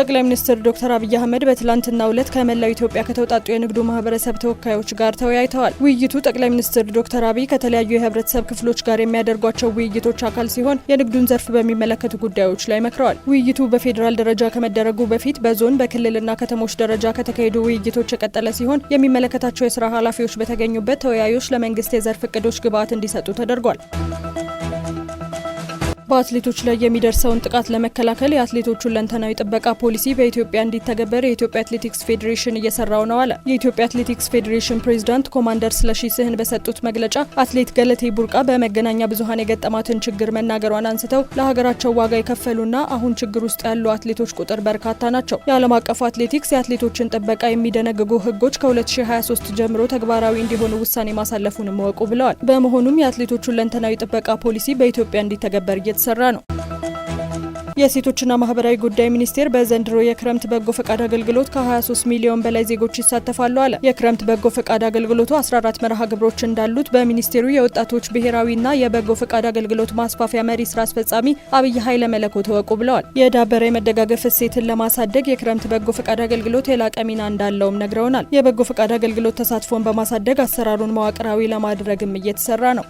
ጠቅላይ ሚኒስትር ዶክተር አብይ አህመድ በትላንትናው ሁለት ከመላው ኢትዮጵያ ከተውጣጡ የንግዱ ማህበረሰብ ተወካዮች ጋር ተወያይተዋል። ውይይቱ ጠቅላይ ሚኒስትር ዶክተር አብይ ከተለያዩ የህብረተሰብ ክፍሎች ጋር የሚያደርጓቸው ውይይቶች አካል ሲሆን የንግዱን ዘርፍ በሚመለከቱ ጉዳዮች ላይ መክረዋል። ውይይቱ በፌዴራል ደረጃ ከመደረጉ በፊት በዞን በክልልና ከተሞች ደረጃ ከተካሄዱ ውይይቶች የቀጠለ ሲሆን የሚመለከታቸው የስራ ኃላፊዎች በተገኙበት ተወያዮች ለመንግስት የዘርፍ እቅዶች ግብዓት እንዲሰጡ ተደርጓል። በአትሌቶች ላይ የሚደርሰውን ጥቃት ለመከላከል የአትሌቶቹን ለንተናዊ ጥበቃ ፖሊሲ በኢትዮጵያ እንዲተገበር የኢትዮጵያ አትሌቲክስ ፌዴሬሽን እየሰራው ነው አለ። የኢትዮጵያ አትሌቲክስ ፌዴሬሽን ፕሬዚዳንት ኮማንደር ስለሺ ስህን በሰጡት መግለጫ አትሌት ገለቴ ቡርቃ በመገናኛ ብዙኃን የገጠማትን ችግር መናገሯን አንስተው ለሀገራቸው ዋጋ የከፈሉና አሁን ችግር ውስጥ ያሉ አትሌቶች ቁጥር በርካታ ናቸው። የዓለም አቀፉ አትሌቲክስ የአትሌቶችን ጥበቃ የሚደነግጉ ህጎች ከ2023 ጀምሮ ተግባራዊ እንዲሆኑ ውሳኔ ማሳለፉንም ወቁ ብለዋል። በመሆኑም የአትሌቶቹን ለንተናዊ ጥበቃ ፖሊሲ በኢትዮጵያ እንዲተገበር እየተ እየተሰራ ነው። የሴቶችና ማህበራዊ ጉዳይ ሚኒስቴር በዘንድሮ የክረምት በጎ ፈቃድ አገልግሎት ከ23 ሚሊዮን በላይ ዜጎች ይሳተፋሉ አለ። የክረምት በጎ ፈቃድ አገልግሎቱ 14 መርሃ ግብሮች እንዳሉት በሚኒስቴሩ የወጣቶች ብሔራዊና የበጎ ፈቃድ አገልግሎት ማስፋፊያ መሪ ስራ አስፈጻሚ አብይ ኃይለ መለኮ ተወቁ ብለዋል። የዳበረ የመደጋገፍ እሴትን ለማሳደግ የክረምት በጎ ፈቃድ አገልግሎት የላቀ ሚና እንዳለውም ነግረውናል። የበጎ ፈቃድ አገልግሎት ተሳትፎን በማሳደግ አሰራሩን መዋቅራዊ ለማድረግም እየተሰራ ነው።